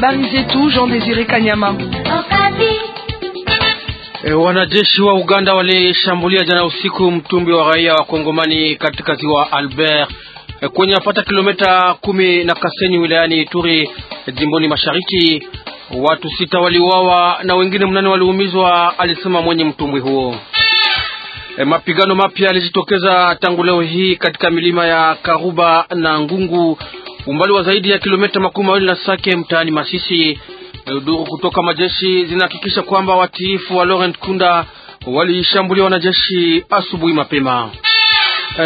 Habari zetu Jean Desire Kanyama. E, wanajeshi wa Uganda walishambulia jana usiku mtumbi wa raia wa Kongomani katika ziwa Albert e, kwenye apata kilomita kumi na Kasenyi wilayani Ituri eh, jimboni mashariki. Watu sita waliuawa na wengine mnane waliumizwa, alisema mwenye mtumbwi huo. E, mapigano mapya yalijitokeza tangu leo hii katika milima ya Karuba na Ngungu umbali wa zaidi ya kilomita makumi mawili na Sake mtaani Masisi. Duru kutoka majeshi zinahakikisha kwamba watiifu wa Laurent Kunda walishambulia wanajeshi asubuhi mapema.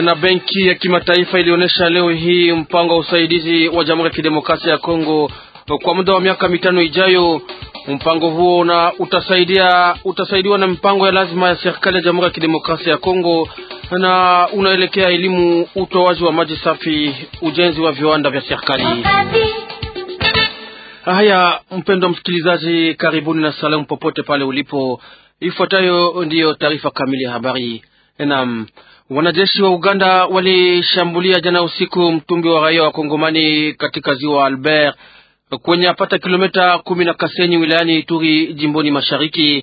Na benki ya kimataifa ilionyesha leo hii mpango wa usaidizi wa Jamhuri ya Kidemokrasia ya Kongo kwa muda wa miaka mitano ijayo. Mpango huo na utasaidia utasaidiwa na mpango ya lazima ya serikali ya Jamhuri ya Kidemokrasia ya Kongo na unaelekea elimu, utoaji wa maji safi, ujenzi wa viwanda vya serikali. Haya, mpendwa msikilizaji, karibuni na salamu popote pale ulipo. Ifuatayo ndiyo taarifa kamili ya habari. Naam, wanajeshi wa Uganda walishambulia jana usiku mtumbi wa raia wa Kongomani katika ziwa Albert kwenye apata kilomita kumi na Kasenyi wilayani Ituri jimboni mashariki.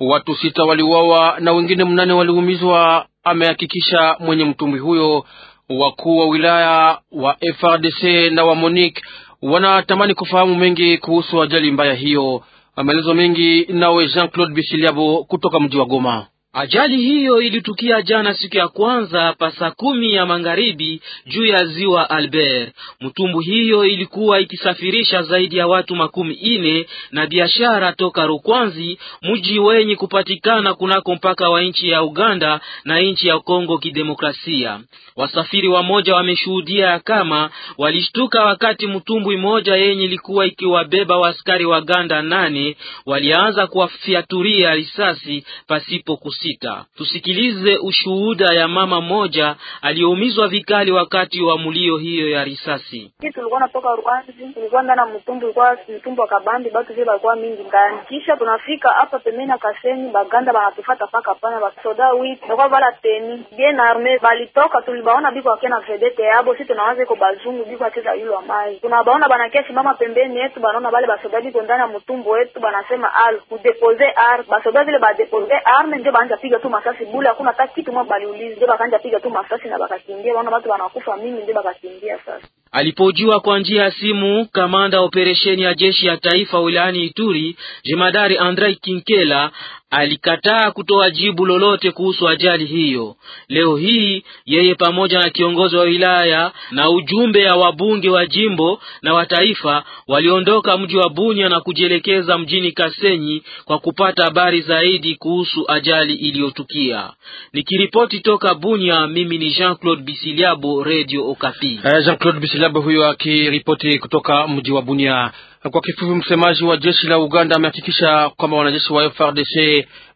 Watu sita waliuawa na wengine mnane waliumizwa amehakikisha mwenye mtumbwi huyo. Wakuu wa wilaya wa FRDC na wa MONUC wanatamani kufahamu mengi kuhusu ajali mbaya hiyo. Maelezo mengi nawe Jean Claude Bisiliabo kutoka mji wa Goma. Ajali hiyo ilitukia jana siku ya kwanza pa saa kumi ya magharibi juu ya ziwa Albert. Mtumbu hiyo ilikuwa ikisafirisha zaidi ya watu makumi ine na biashara toka Rukwanzi, mji wenye kupatikana kunako mpaka wa nchi ya Uganda na nchi ya Kongo Kidemokrasia. Wasafiri wamoja wameshuhudia kama walishtuka wakati mtumbwi moja yenye ilikuwa ikiwabeba waskari wa Uganda nane walianza kuwafiaturia risasi pasipo kusa sita. Tusikilize ushuhuda ya mama moja aliyeumizwa vikali wakati wa mulio hiyo ya risasi. Sisi tulikuwa natoka Rwanzi, tulikuwa ndani na mtumbu, ulikuwa mtumbu wa kabambi, batu vile walikuwa mingi ndani. Kisha tunafika hapa pembeni na Kasenyi, baganda banatufata paka pana basoda wii nakuwa bala teni bien arme balitoka, tulibaona biko akia na vedete yabo, si tunawaza iko bazungu biko acheza yulo amai, tunabaona banakia simama pembeni yetu, banaona bale basoda biko ndani ya mtumbu wetu, banasema al kudepoze ar basoda vile badepoze arme ndio baanja bakanja piga tu masasi bule, hakuna hata kitu mwa baliulizi, ndio bakanja piga tu masasi na bakakimbia. Baona watu wanakufa mingi, ndio bakakimbia sasa. Alipojua kwa njia ya simu kamanda wa operesheni ya jeshi ya taifa wilayani Ituri, jemadari Andrei Kinkela alikataa kutoa jibu lolote kuhusu ajali hiyo. Leo hii yeye pamoja na kiongozi wa wilaya na ujumbe ya wabunge wa jimbo na wa taifa waliondoka mji wa Bunya na kujielekeza mjini Kasenyi kwa kupata habari zaidi kuhusu ajali iliyotukia. Nikiripoti toka Bunya, mimi ni Jean-Claude Bisiliabo, Radio Okapi. Uh, Jean-Claude Bisiliabo. Mwanamatilabu huyo akiripoti kutoka mji wa Bunia. Kwa kifupi, msemaji wa jeshi la Uganda amehakikisha kwamba wanajeshi wa FRDC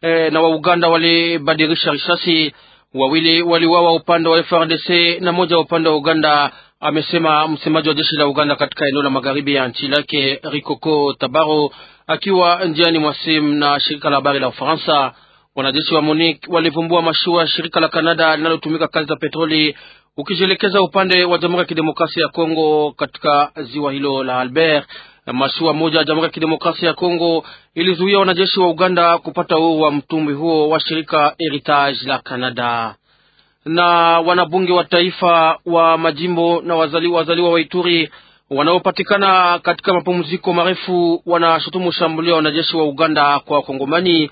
eh, na wa Uganda walibadilisha risasi. Wawili waliwawa upande wa FRDC na moja wa upande wa Uganda, amesema msemaji wa jeshi la Uganda katika eneo la magharibi ya nchi lake Rikoko Tabaro akiwa njiani mwa simu na shirika la habari la Ufaransa. Wanajeshi wa Monique walivumbua mashua ya shirika la Kanada linalotumika kazi za petroli Ukijielekeza upande wa Jamhuri ya Kidemokrasia ya Kongo katika ziwa hilo la Albert, mashua moja ya Jamhuri ya Kidemokrasia ya Kongo ilizuia wanajeshi wa Uganda kupata uhuru wa mtumbi huo wa shirika Heritage la Canada. Na wanabunge wa taifa wa majimbo na wazali, wazaliwa wa Ituri wanaopatikana katika mapumziko marefu wanashutumu shambulio ya wanajeshi wa Uganda kwa Wakongomani.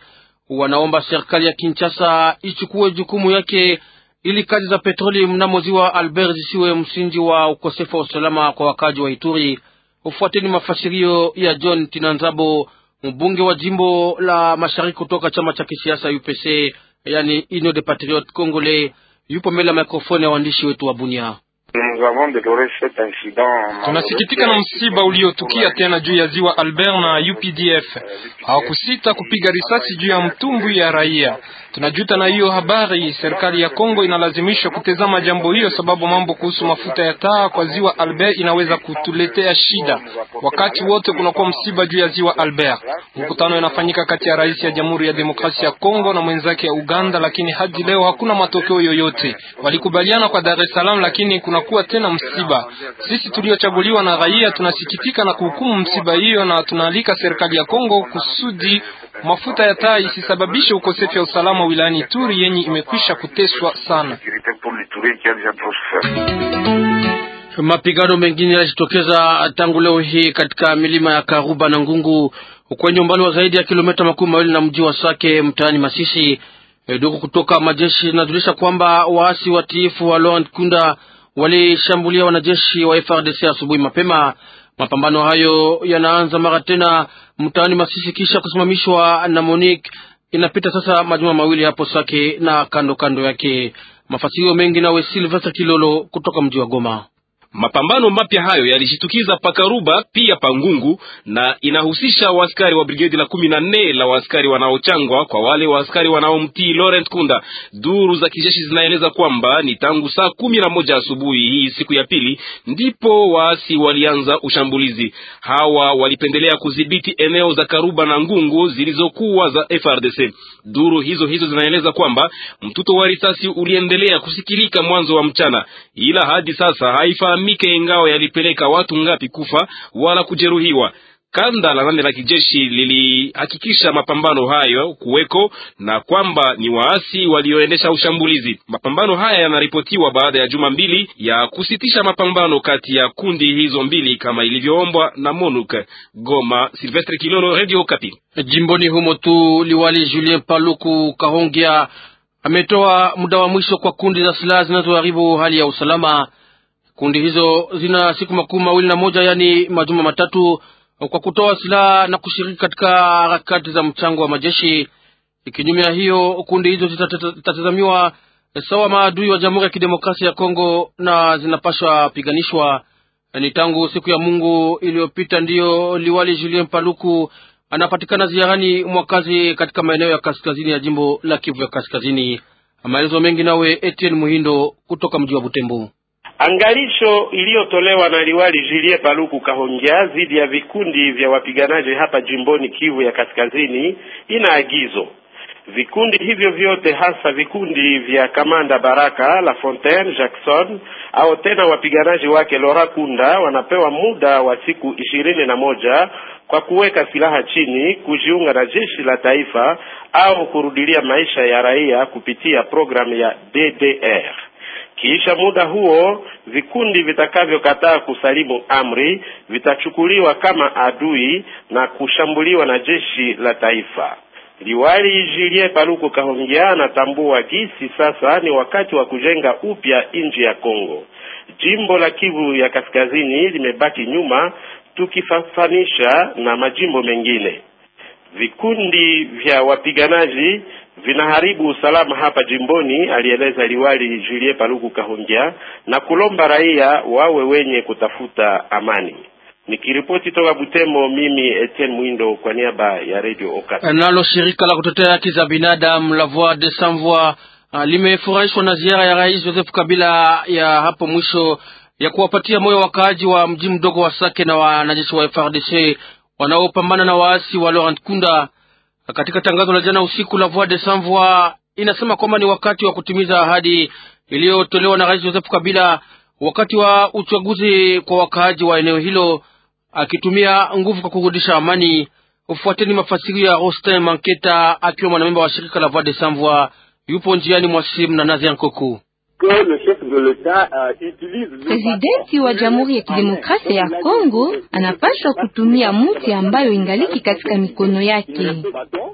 Wanaomba serikali ya Kinshasa ichukue jukumu yake ili kazi za petroli mnamo ziwa Albert zisiwe msingi wa ukosefu wa usalama kwa wakaji wa Ituri. Ufuateni mafasirio ya John Tinanzabo, mbunge wa jimbo la mashariki kutoka chama cha kisiasa UPC, yani Union de Patriotes Congolais. Yupo mbele ya mikrofoni ya waandishi wetu wa Bunia. Tunasikitika na msiba uliotukia tena juu ya ziwa Albert, na UPDF hawakusita kupiga risasi juu ya mtumbwi ya raia Tunajuta na hiyo habari. Serikali ya Kongo inalazimishwa kutezama jambo hiyo, sababu mambo kuhusu mafuta ya taa kwa ziwa Albert inaweza kutuletea shida. Wakati wote kunakuwa msiba juu ya ziwa Albert. Mkutano inafanyika kati ya rais ya Jamhuri ya Demokrasia ya Kongo na mwenzake ya Uganda, lakini hadi leo hakuna matokeo yoyote. Walikubaliana kwa Dar es Salaam, lakini kunakuwa tena msiba. Sisi tuliochaguliwa na raia tunasikitika na kuhukumu msiba hiyo, na tunaalika serikali ya Kongo kusudi Mafuta ya taa isisababishe ukosefu wa usalama wilayani Turi yenye imekwisha kuteswa sana. Mapigano mengine yalijitokeza tangu leo hii katika milima ya Karuba na Ngungu kwenye umbali wa zaidi ya kilomita makumi mawili na mji wa Sake mtaani Masisi. Eh, Duku kutoka majeshi zinajulisha kwamba waasi watiifu wa Laurent Kunda walishambulia wanajeshi wa FRDC asubuhi mapema. Mapambano hayo yanaanza mara tena mtaani Masisi kisha kusimamishwa na Monique inapita sasa majuma mawili hapo Sake na kando kando yake. Mafasirio mengi nawe Silvestre Kilolo kutoka mji wa Goma. Mapambano mapya hayo yalishitukiza pakaruba pia pangungu, na inahusisha waskari wa brigedi la kumi na nne la waskari wanaochangwa kwa wale waskari wanaomtii Laurent Kunda. Duru za kijeshi zinaeleza kwamba ni tangu saa kumi na moja asubuhi hii siku ya pili ndipo waasi walianza ushambulizi. Hawa walipendelea kudhibiti eneo za Karuba na Ngungu zilizokuwa za FRDC. Duru hizo hizo zinaeleza kwamba mtuto wa risasi uliendelea kusikilika mwanzo wa mchana, ila hadi sasa haifahamiki haifahamike ingawa yalipeleka watu ngapi kufa wala kujeruhiwa. Kanda la nane la kijeshi lilihakikisha mapambano hayo kuweko na kwamba ni waasi walioendesha ushambulizi. Mapambano haya yanaripotiwa baada ya juma mbili ya kusitisha mapambano kati ya kundi hizo mbili kama ilivyoombwa na MONUC. Goma, Silvestre Kilolo, Radio Kapi. Jimboni humo tu liwali Julien Paluku Kahongia ametoa muda wa mwisho kwa kundi za silaha zinazoharibu hali ya usalama. Kundi hizo zina siku makumi mawili na moja yani majuma matatu kwa kutoa silaha na kushiriki katika harakati za mchango wa majeshi. Kinyume ya hiyo, kundi hizo zitatazamiwa sawa maadui wa Jamhuri ya Kidemokrasia ya Kongo na zinapashwa piganishwa. Ni tangu siku ya Mungu iliyopita ndiyo liwali Julien Paluku anapatikana ziarani mwakazi katika maeneo ya kaskazini ya jimbo la Kivu ya Kaskazini. Maelezo mengi nawe Etienne Muhindo kutoka mji wa Butembo. Angalisho iliyotolewa na Liwali Julie Paluku Kahongya dhidi ya vikundi vya wapiganaji hapa jimboni Kivu ya Kaskazini ina agizo vikundi hivyo vyote hasa vikundi vya kamanda Baraka La Fontaine Jackson au tena wapiganaji wake Lora Kunda wanapewa muda wa siku ishirini na moja kwa kuweka silaha chini, kujiunga na jeshi la taifa au kurudilia maisha ya raia kupitia programu ya DDR. Kisha muda huo vikundi vitakavyokataa kusalimu amri vitachukuliwa kama adui na kushambuliwa na jeshi la taifa. Liwali Julien Paluku Kahongya anatambua gisi sasa ni wakati wa kujenga upya nchi ya Kongo. Jimbo la Kivu ya Kaskazini limebaki nyuma tukifafanisha na majimbo mengine. Vikundi vya wapiganaji vinaharibu usalama hapa jimboni, alieleza liwali Julie Paluku Kahongya na kulomba raia wawe wenye kutafuta amani. Nikiripoti toka Butembo, mimi Etienne Mwindo kwa niaba ya Radio Okapi. Nalo shirika la kutetea haki za binadamu la Voix des Sans Voix uh, limefurahishwa na ziara ya Rais Joseph Kabila ya hapo mwisho ya kuwapatia moyo wakaaji wa mji mdogo wa Sake na wanajeshi wa FARDC wanaopambana na waasi wa Laurent Kunda. Katika tangazo la jana usiku la Voix de Sanvoi inasema kwamba ni wakati wa kutimiza ahadi iliyotolewa na Rais Joseph Kabila wakati wa uchaguzi kwa wakaaji wa eneo hilo, akitumia nguvu kwa kurudisha amani. Ufuateni mafasirio ya Rostin Manketa akiwa mwanamemba wa shirika la Voix de Sanvoi, yupo njiani mwa simu na Nazi Koku. Euh, prezidenti wa Jamhuri ya Kidemokrasia ya Kongo anapaswa kutumia muti ambayo ingaliki katika mikono yake.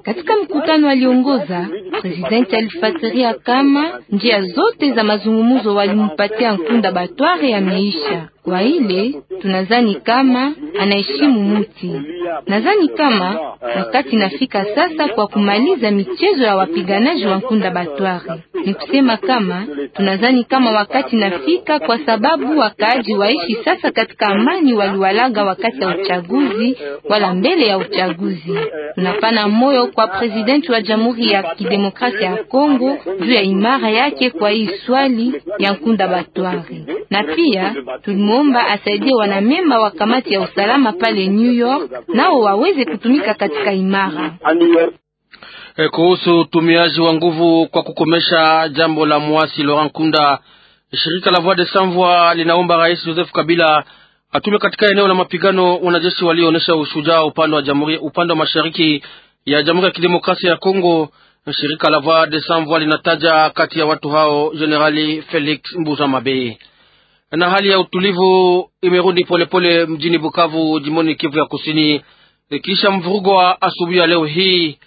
Katika mkutano aliongoza, prezidenti alifasiria kama njia zote za mazungumzo walimpatia Nkunda Batware ya meisha kwa ile tunazani kama anaheshimu muti. Nadhani kama wakati nafika sasa kwa kumaliza michezo ya wapiganaji wa Nkunda Batware. Ni kusema kama tunazani kama wakati nafika, kwa sababu wakaaji waishi sasa katika amani waliwalaga wakati ya uchaguzi wala mbele ya uchaguzi. Tunapana moyo kwa presidenti wa Jamhuri ya Kidemokrasia ya Kongo juu ya imara yake kwa hii swali ya Nkunda Batware, na pia tulimu ameomba asaidie wanamemba wa kamati ya usalama pale New York nao waweze kutumika katika imara e, kuhusu utumiaji wa nguvu kwa kukomesha jambo la mwasi Laurent Kunda. Shirika la Voix des Sans Voix linaomba Rais Joseph Kabila atume katika eneo la mapigano wanajeshi walioonyesha ushujaa upande wa jamhuri, upande wa mashariki ya Jamhuri ya Kidemokrasia ya Kongo. Shirika la Voix des Sans Voix linataja kati ya watu hao Generali Felix Mbuza Mabeye na hali ya utulivu imerudi polepole mjini Bukavu, jimoni Kivu ya Kusini, e, kisha mvurugo wa asubuhi ya leo hii.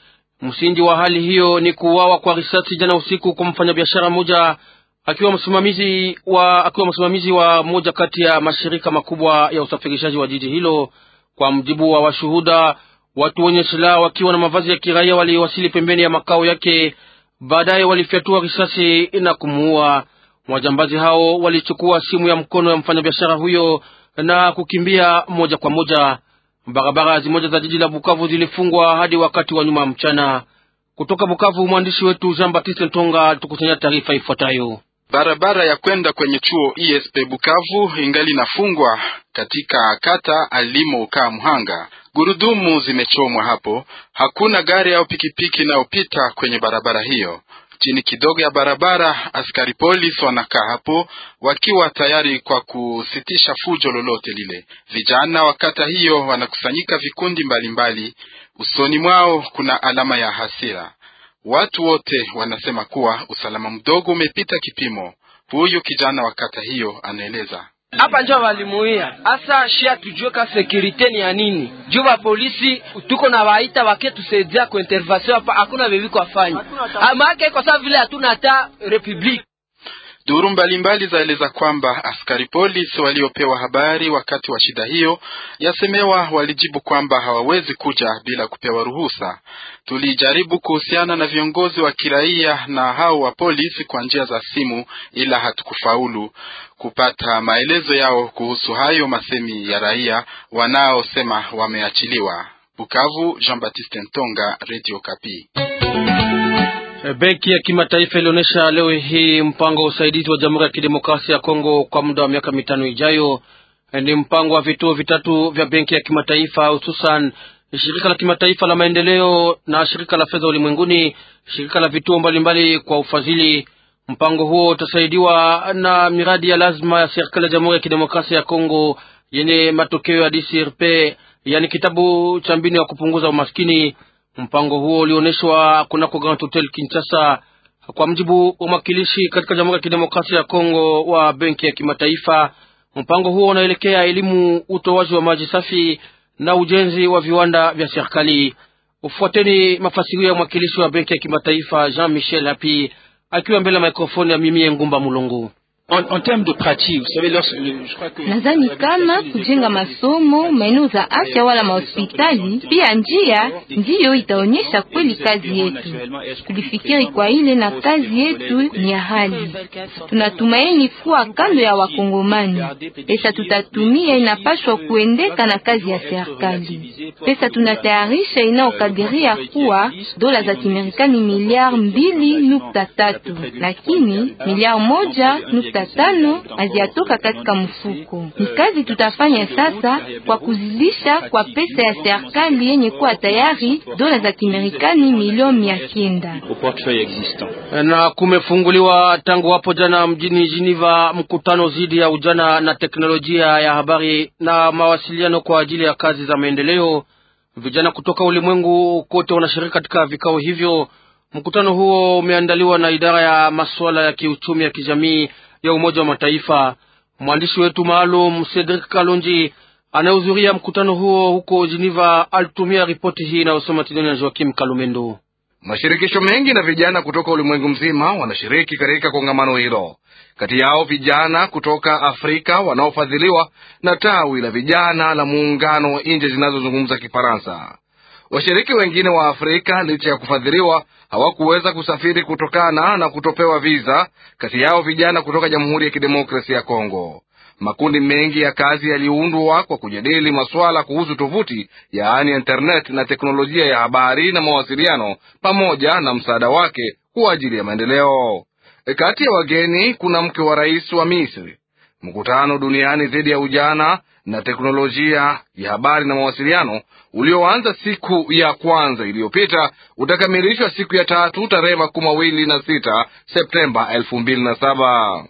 Msingi wa hali hiyo ni kuuawa kwa risasi jana usiku kwa mfanyabiashara mmoja akiwa msimamizi wa akiwa msimamizi wa moja kati ya mashirika makubwa ya usafirishaji wa jiji hilo. Kwa mjibu wa washuhuda, watu wenye silaha wakiwa na mavazi ya kiraia waliwasili pembeni ya makao yake, baadaye walifyatua risasi na kumuua. Wajambazi hao walichukua simu ya mkono ya mfanyabiashara huyo na kukimbia moja kwa moja. Barabara zimoja za jiji la Bukavu zilifungwa hadi wakati wa nyuma mchana. Kutoka Bukavu, mwandishi wetu Jean Baptiste Ntonga alitukusanyia taarifa ifuatayo. Barabara ya kwenda kwenye chuo ISP Bukavu ingali nafungwa katika kata alimo kaa Mhanga. Gurudumu zimechomwa hapo, hakuna gari au pikipiki inayopita kwenye barabara hiyo. Chini kidogo ya barabara, askari polisi wanakaa hapo wakiwa tayari kwa kusitisha fujo lolote lile. Vijana wa kata hiyo wanakusanyika vikundi mbalimbali mbali. Usoni mwao kuna alama ya hasira. Watu wote wanasema kuwa usalama mdogo umepita kipimo. Huyu kijana wa kata hiyo anaeleza hapa njo walimuia hasa shia, tujue ka sekurite ni ya nini juu polisi tuko na waita waketusaidia kuintervention hapa, hakuna veviko afanya ah, maake kwa sababu vile hatuna hata republiki Duru mbalimbali zaeleza kwamba askari polisi waliopewa habari wakati wa shida hiyo yasemewa walijibu kwamba hawawezi kuja bila kupewa ruhusa. Tulijaribu kuhusiana na viongozi wa kiraia na hao wa polisi kwa njia za simu, ila hatukufaulu kupata maelezo yao kuhusu hayo masemi ya raia wanaosema wameachiliwa. Bukavu, Jean Baptiste Ntonga, Radio Kapi. Eh, benki ya Kimataifa ilionyesha leo hii mpango wa usaidizi wa Jamhuri ya Kidemokrasia ya Kongo kwa muda wa miaka mitano ijayo. Eh, ni mpango wa vituo vitatu vya Benki ya Kimataifa, hususan shirika la kimataifa la maendeleo na shirika la fedha ulimwenguni, shirika la vituo mbalimbali kwa ufadhili. Mpango huo utasaidiwa na miradi ya lazima ya serikali ya Jamhuri ya Kidemokrasia ya Kongo yenye matokeo ya DCRP, yani kitabu cha mbinu ya kupunguza umaskini Mpango huo ulioneshwa kunako Grand Hotel Kinshasa, kwa mjibu wa mwakilishi katika Jamhuri ya Kidemokrasia ya Kongo wa Benki ya Kimataifa. Mpango huo unaelekea elimu, utoaji wa maji safi na ujenzi wa viwanda vya serikali. Ufuateni mafasirio ya mwakilishi wa Benki ya Kimataifa Jean Michel Api akiwa mbele ya mikrofoni ya Mimie Ngumba Mulungu. Nadhani kama kujenga masomo maeneo za afya wala mahospitali pia njia ndiyo itaonyesha kweli kazi yetu. Tulifikiri kwa ile na kazi yetu ni ya hali, tunatumaini kuwa kando ya Wakongomani pesa tutatumia inapashwa kuendeka na kazi ya serikali. Pesa tunatayarisha inaokadiria euh, kuwa dola za Kimerikani miliari mbili nukta tatu lakini miliari moja nukta za tano haziatoka katika mfuko. Ni kazi tutafanya sasa kwa kuzilisha kwa pesa ya serikali yenye kuwa tayari dola za Kimerikani milioni mia kenda na kumefunguliwa tangu hapo jana mjini Geneva mkutano zidi ya ujana na teknolojia ya habari na mawasiliano kwa ajili ya kazi za maendeleo. Vijana kutoka ulimwengu kote wanashiriki katika vikao hivyo. Mkutano huo umeandaliwa na idara ya masuala ya kiuchumi ya kijamii ya Umoja wa Mataifa. Mwandishi wetu maalum Cedric Kalonji anayehudhuria mkutano huo huko Geneva alitumia ripoti hii inayosoma tidoni na Joakim Kalumendo. Mashirikisho mengi na vijana kutoka ulimwengu mzima wanashiriki katika kongamano hilo. Kati yao vijana kutoka Afrika wanaofadhiliwa na tawi la vijana la muungano wa nchi zinazozungumza Kifaransa. Washiriki wengine wa Afrika licha ya kufadhiliwa hawakuweza kusafiri kutokana na kutopewa viza, kati yao vijana kutoka Jamhuri ya Kidemokrasia ya Kongo. Makundi mengi ya kazi yaliundwa kwa kujadili masuala kuhusu tovuti yaani internet na teknolojia ya habari na mawasiliano pamoja na msaada wake kwa ajili ya maendeleo. E, kati ya wageni kuna mke wa rais wa Misri. Mkutano duniani dhidi ya ujana na teknolojia ya habari na mawasiliano ulioanza siku ya kwanza iliyopita utakamilishwa siku ya tatu tarehe makumi mawili na sita Septemba elfu mbili na saba.